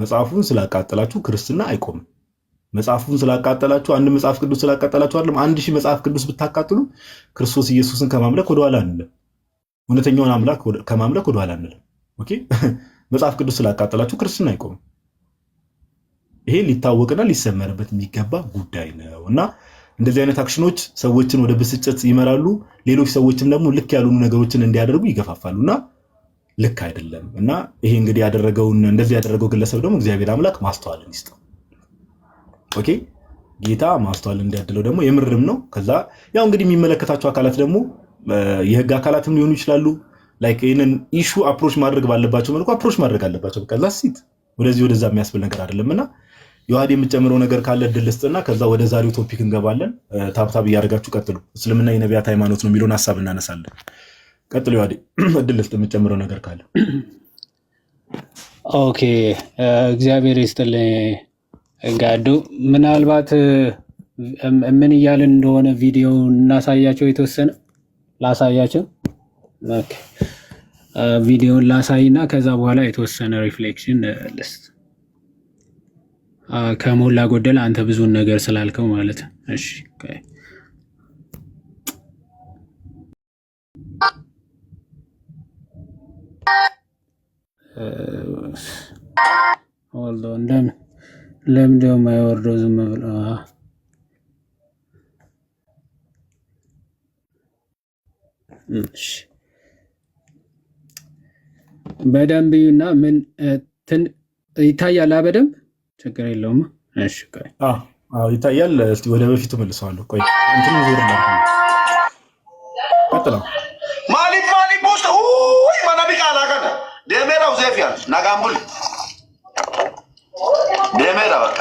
መጽሐፉን ስላቃጠላችሁ ክርስትና አይቆምም። መጽሐፉን ስላቃጠላችሁ አንድ መጽሐፍ ቅዱስ ስላቃጠላችሁ አይደለም። አንድ ሺህ መጽሐፍ ቅዱስ ብታቃጥሉ ክርስቶስ ኢየሱስን ከማምለክ ወደኋላ አንልም። እውነተኛውን አምላክ ከማምለክ ወደኋላ አንልም። ኦኬ፣ መጽሐፍ ቅዱስ ስላቃጠላችሁ ክርስትና አይቆምም። ይሄ ሊታወቅና ሊሰመርበት የሚገባ ጉዳይ ነው እና እንደዚህ አይነት አክሽኖች ሰዎችን ወደ ብስጭት ይመራሉ። ሌሎች ሰዎችም ደግሞ ልክ ያልሆኑ ነገሮችን እንዲያደርጉ ይገፋፋሉ እና ልክ አይደለም እና ይሄ እንግዲህ ያደረገውን እንደዚህ ያደረገው ግለሰብ ደግሞ እግዚአብሔር አምላክ ማስተዋልን ይስጠው። ኦኬ ጌታ ማስተዋል እንዲያድለው ደግሞ የምርም ነው። ከዛ ያው እንግዲህ የሚመለከታቸው አካላት ደግሞ የህግ አካላትም ሊሆኑ ይችላሉ። ላይክ ይህንን ኢሹ አፕሮች ማድረግ ባለባቸው መልኩ አፕሮች ማድረግ አለባቸው። ከዛ ሲት ወደዚህ ወደዛ የሚያስብል ነገር አይደለም እና የዋህድ ነገር ካለ እድል ስጥና ከዛ ወደ ዛሬው ቶፒክ እንገባለን። ታብታብ እያደረጋችሁ ቀጥሉ። እስልምና የነቢያት ሃይማኖት ነው የሚለውን ሀሳብ እናነሳለን። ቀጥሎ ዋ እድል ስጥ፣ የምትጨምረው ነገር ካለ። ኦኬ እግዚአብሔር ይስጥልኝ ጋዱ። ምናልባት ምን እያልን እንደሆነ ቪዲዮ እናሳያቸው፣ የተወሰነ ላሳያቸው። ቪዲዮን ላሳይ እና ከዛ በኋላ የተወሰነ ሪፍሌክሽን ልስጥ። ከሞላ ጎደል አንተ ብዙን ነገር ስላልከው ማለት እሺ ወልደው እንደምን ለምደው የማይወርደው ዝም ብሎ በደንብ እና ምን ይታያል? በደንብ ችግር የለውም። እሺ ይታያል። ወደ በፊቱ መልሰዋለሁ። ቆይ እንትን ዞር ቀጥለው ደሜራው ዜፍ ያል ናጋምቡል ደሜራ በቃ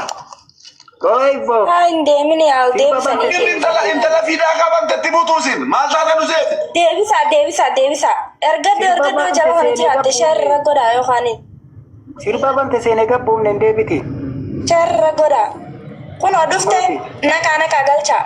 kun odufte nakaa nakaa galcha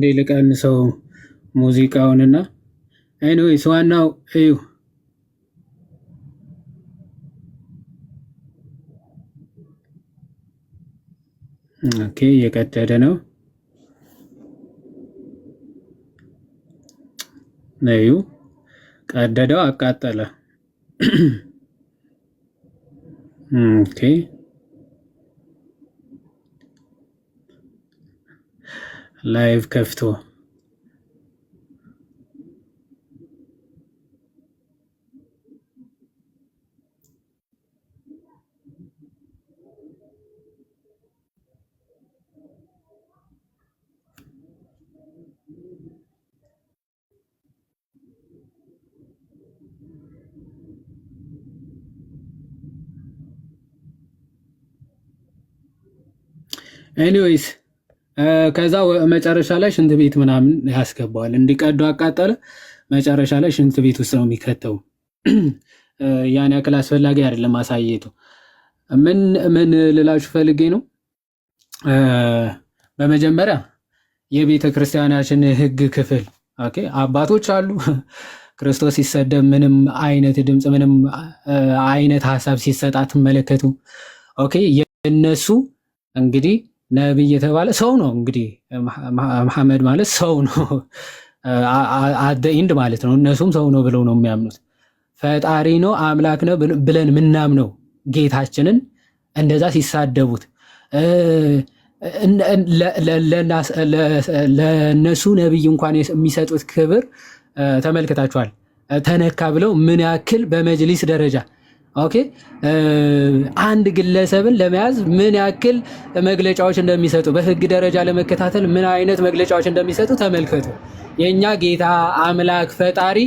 አንዴ ልቀንሰው ሙዚቃውንና ኤኒዌይስ ዋናው እዩ ኦኬ እየቀደደ ነው ነዩ ቀደደው አቃጠለ ኦኬ ላይቭ ከፍቶ ኤኒዌይስ ከዛ መጨረሻ ላይ ሽንት ቤት ምናምን ያስገባዋል። እንዲቀዱ አቃጠለ። መጨረሻ ላይ ሽንት ቤት ውስጥ ነው የሚከተው። ያን ያክል አስፈላጊ አይደለም ማሳየቱ። ምን ምን ልላችሁ ፈልጌ ነው፣ በመጀመሪያ የቤተ ክርስቲያናችን ሕግ ክፍል አባቶች አሉ። ክርስቶስ ሲሰደብ ምንም አይነት ድምፅ፣ ምንም አይነት ሀሳብ ሲሰጥ አትመለከቱ። ኦኬ፣ የእነሱ እንግዲህ ነቢይ የተባለ ሰው ነው እንግዲህ መሐመድ ማለት ሰው ነው አደኢንድ ማለት ነው። እነሱም ሰው ነው ብለው ነው የሚያምኑት። ፈጣሪ ነው አምላክ ነው ብለን ምናምነው ጌታችንን እንደዛ ሲሳደቡት ለእነሱ ነቢይ እንኳን የሚሰጡት ክብር ተመልክታችኋል። ተነካ ብለው ምን ያክል በመጅሊስ ደረጃ ኦኬ አንድ ግለሰብን ለመያዝ ምን ያክል መግለጫዎች እንደሚሰጡ በህግ ደረጃ ለመከታተል ምን አይነት መግለጫዎች እንደሚሰጡ ተመልከቱ። የእኛ ጌታ አምላክ ፈጣሪ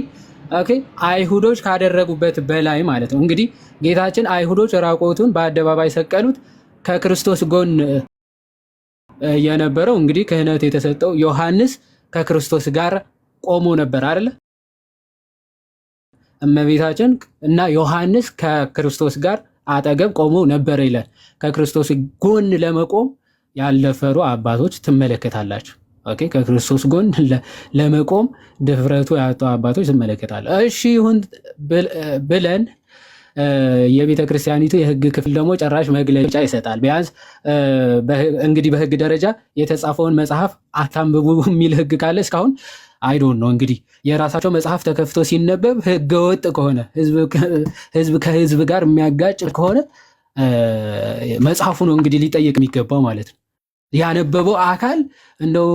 ኦኬ አይሁዶች ካደረጉበት በላይ ማለት ነው። እንግዲህ ጌታችን አይሁዶች ራቆቱን በአደባባይ ሰቀሉት። ከክርስቶስ ጎን የነበረው እንግዲህ ክህነት የተሰጠው ዮሐንስ ከክርስቶስ ጋር ቆሞ ነበር አይደለ? እመቤታችን እና ዮሐንስ ከክርስቶስ ጋር አጠገብ ቆመው ነበር ይለን ከክርስቶስ ጎን ለመቆም ያልደፈሩ አባቶች ትመለከታላችሁ። ኦኬ፣ ከክርስቶስ ጎን ለመቆም ድፍረቱ ያጡ አባቶች ትመለከታለህ። እሺ ይሁን ብለን የቤተ ክርስቲያኒቱ የሕግ ክፍል ደግሞ ጭራሽ መግለጫ ይሰጣል። ቢያንስ እንግዲህ በሕግ ደረጃ የተጻፈውን መጽሐፍ አታንብቡ የሚል ሕግ ካለ እስካሁን አይዶን ነው እንግዲህ የራሳቸው መጽሐፍ ተከፍቶ ሲነበብ ህገወጥ ከሆነ ህዝብ ከህዝብ ጋር የሚያጋጭ ከሆነ መጽሐፉ ነው እንግዲህ ሊጠየቅ የሚገባው ማለት ነው። ያነበበው አካል እንደው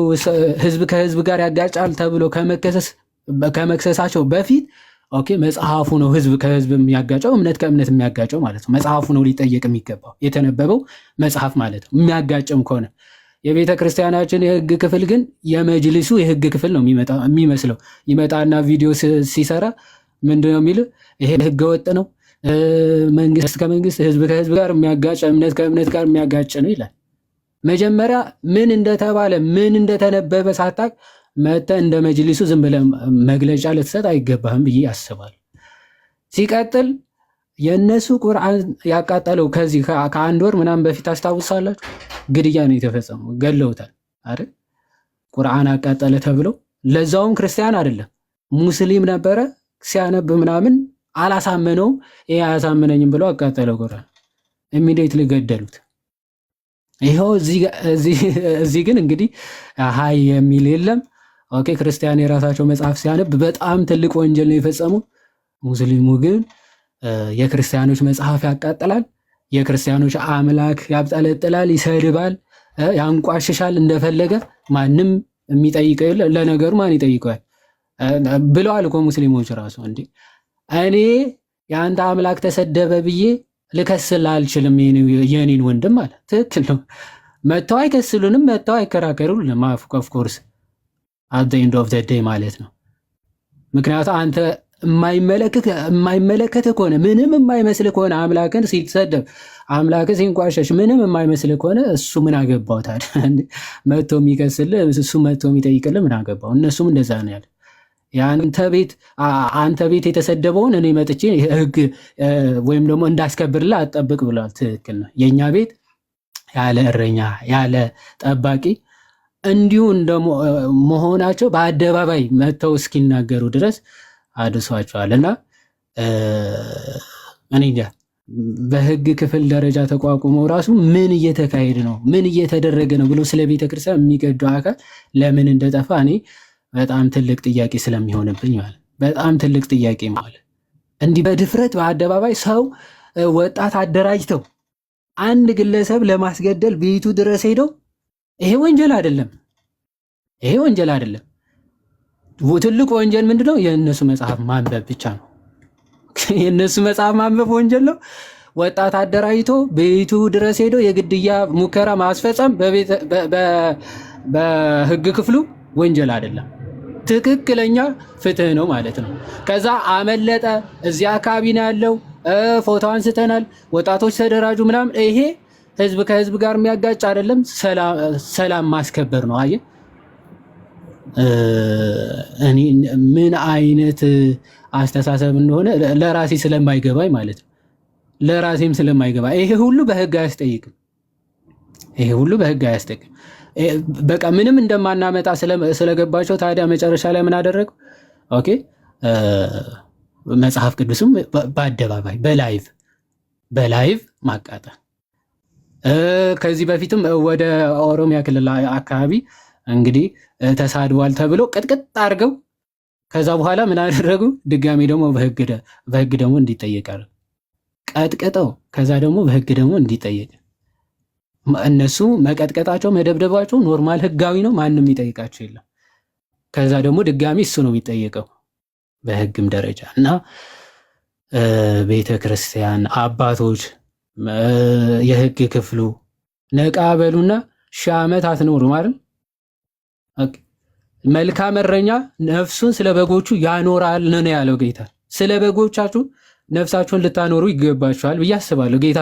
ህዝብ ከህዝብ ጋር ያጋጫል ተብሎ ከመክሰሳቸው በፊት ኦኬ መጽሐፉ ነው ህዝብ ከህዝብ የሚያጋጨው እምነት ከእምነት የሚያጋጨው ማለት ነው። መጽሐፉ ነው ሊጠየቅ የሚገባው የተነበበው መጽሐፍ ማለት ነው። የሚያጋጭም ከሆነ የቤተ ክርስቲያናችን የህግ ክፍል ግን የመጅልሱ የህግ ክፍል ነው የሚመስለው። ይመጣና ቪዲዮ ሲሰራ ምንድን ነው የሚል ይሄ ህገ ወጥ ነው፣ መንግስት ከመንግስት ህዝብ ከህዝብ ጋር የሚያጋጭ እምነት ከእምነት ጋር የሚያጋጭ ነው ይላል። መጀመሪያ ምን እንደተባለ ምን እንደተነበበ ሳታቅ መተ እንደ መጅልሱ ዝም ብለህ መግለጫ ልትሰጥ አይገባህም ብዬ አስባለሁ። ሲቀጥል የእነሱ ቁርአን ያቃጠለው ከዚህ ከአንድ ወር ምናምን በፊት አስታውሳላችሁ፣ ግድያ ነው የተፈጸመው። ገለውታል አይደል? ቁርአን አቃጠለ ተብለው ለዛውም ክርስቲያን አይደለም ሙስሊም ነበረ ሲያነብ ምናምን አላሳመነው ይሄ አያሳመነኝም ብሎ አቃጠለው ቁርአን። ኢሚዲየትሊ ገደሉት። ይኸው እዚህ ግን እንግዲህ ሀይ የሚል የለም። ኦኬ ክርስቲያን የራሳቸው መጽሐፍ ሲያነብ በጣም ትልቅ ወንጀል ነው የፈጸሙ። ሙስሊሙ ግን የክርስቲያኖች መጽሐፍ ያቃጥላል፣ የክርስቲያኖች አምላክ ያብጠለጥላል፣ ይሰድባል፣ ያንቋሽሻል እንደፈለገ ማንም የሚጠይቀው ለነገሩ ማን ይጠይቀዋል? ብለዋል እኮ ሙስሊሞች ራሱ እንዲ እኔ የአንተ አምላክ ተሰደበ ብዬ ልከስል አልችልም የኔን ወንድም አለ። ትክክል ነው። መጥተው አይከስሉንም፣ መጥተው አይከራከሩልንም። ኦፍኮርስ አት ዘ ኤንድ ኦፍ ዘ ዴይ ማለት ነው። ምክንያቱ አንተ የማይመለከት ከሆነ ምንም የማይመስል ከሆነ አምላክን ሲሰደብ አምላክ ሲንቋሸሽ ምንም የማይመስል ከሆነ እሱ ምን አገባው ታዲያ? መቶ የሚከስል እሱ መቶ የሚጠይቅል ምን አገባው? እነሱም እንደዛ ነው ያለ። የአንተ ቤት አንተ ቤት የተሰደበውን እኔ መጥቼ ህግ ወይም ደግሞ እንዳስከብርልህ አጠብቅ ብሏል። ትክክል ነው። የእኛ ቤት ያለ እረኛ ያለ ጠባቂ እንዲሁ መሆናቸው በአደባባይ መጥተው እስኪናገሩ ድረስ አድሷቸዋል እና እኔ እንጃ በህግ ክፍል ደረጃ ተቋቁመው ራሱ ምን እየተካሄድ ነው ምን እየተደረገ ነው ብሎ ስለ ቤተክርስቲያን የሚገዱ አካል ለምን እንደጠፋ እኔ በጣም ትልቅ ጥያቄ ስለሚሆንብኝ ማለት በጣም ትልቅ ጥያቄ ማለት እንዲህ በድፍረት በአደባባይ ሰው ወጣት አደራጅተው አንድ ግለሰብ ለማስገደል ቤቱ ድረስ ሄደው ይሄ ወንጀል አይደለም። ይሄ ወንጀል አይደለም። ትልቅ ወንጀል ምንድነው? የእነሱ መጽሐፍ ማንበብ ብቻ ነው። የእነሱ መጽሐፍ ማንበብ ወንጀል ነው። ወጣት አደራጅቶ ቤቱ ድረስ ሄዶ የግድያ ሙከራ ማስፈጸም በህግ ክፍሉ ወንጀል አይደለም። ትክክለኛ ፍትህ ነው ማለት ነው። ከዛ አመለጠ፣ እዚያ አካባቢ ነው ያለው፣ ፎቶ አንስተናል፣ ወጣቶች ተደራጁ ምናምን። ይሄ ህዝብ ከህዝብ ጋር የሚያጋጭ አይደለም። ሰላም ማስከበር ነው። አየህ ምን አይነት አስተሳሰብ እንደሆነ ለራሴ ስለማይገባኝ ማለት ነው። ለራሴም ስለማይገባ ይሄ ሁሉ በህግ አያስጠይቅም። ይሄ ሁሉ በህግ አያስጠይቅም። በቃ ምንም እንደማናመጣ ስለገባቸው ታዲያ መጨረሻ ላይ ምን አደረገው? ኦኬ መጽሐፍ ቅዱስም በአደባባይ በላይቭ በላይቭ ማቃጠል ከዚህ በፊትም ወደ ኦሮሚያ ክልል አካባቢ እንግዲህ ተሳድቧል ተብሎ ቅጥቅጥ አድርገው ከዛ በኋላ ምን አደረጉ? ድጋሚ ደግሞ በህግ ደግሞ እንዲጠየቃል ቀጥቅጠው ከዛ ደግሞ በህግ ደግሞ እንዲጠየቅ እነሱ መቀጥቀጣቸው መደብደባቸው ኖርማል ህጋዊ ነው። ማንም የሚጠይቃቸው የለም። ከዛ ደግሞ ድጋሚ እሱ ነው የሚጠየቀው በህግም ደረጃ እና ቤተ ክርስቲያን አባቶች፣ የህግ ክፍሉ ነቃ በሉና ሺህ ዓመት አትኖሩ ማለት መልካም እረኛ ነፍሱን ስለ በጎቹ ያኖራል ነው ያለው ጌታ። ስለ በጎቻችሁ ነፍሳችሁን ልታኖሩ ይገባችኋል ብዬ አስባለሁ ጌታ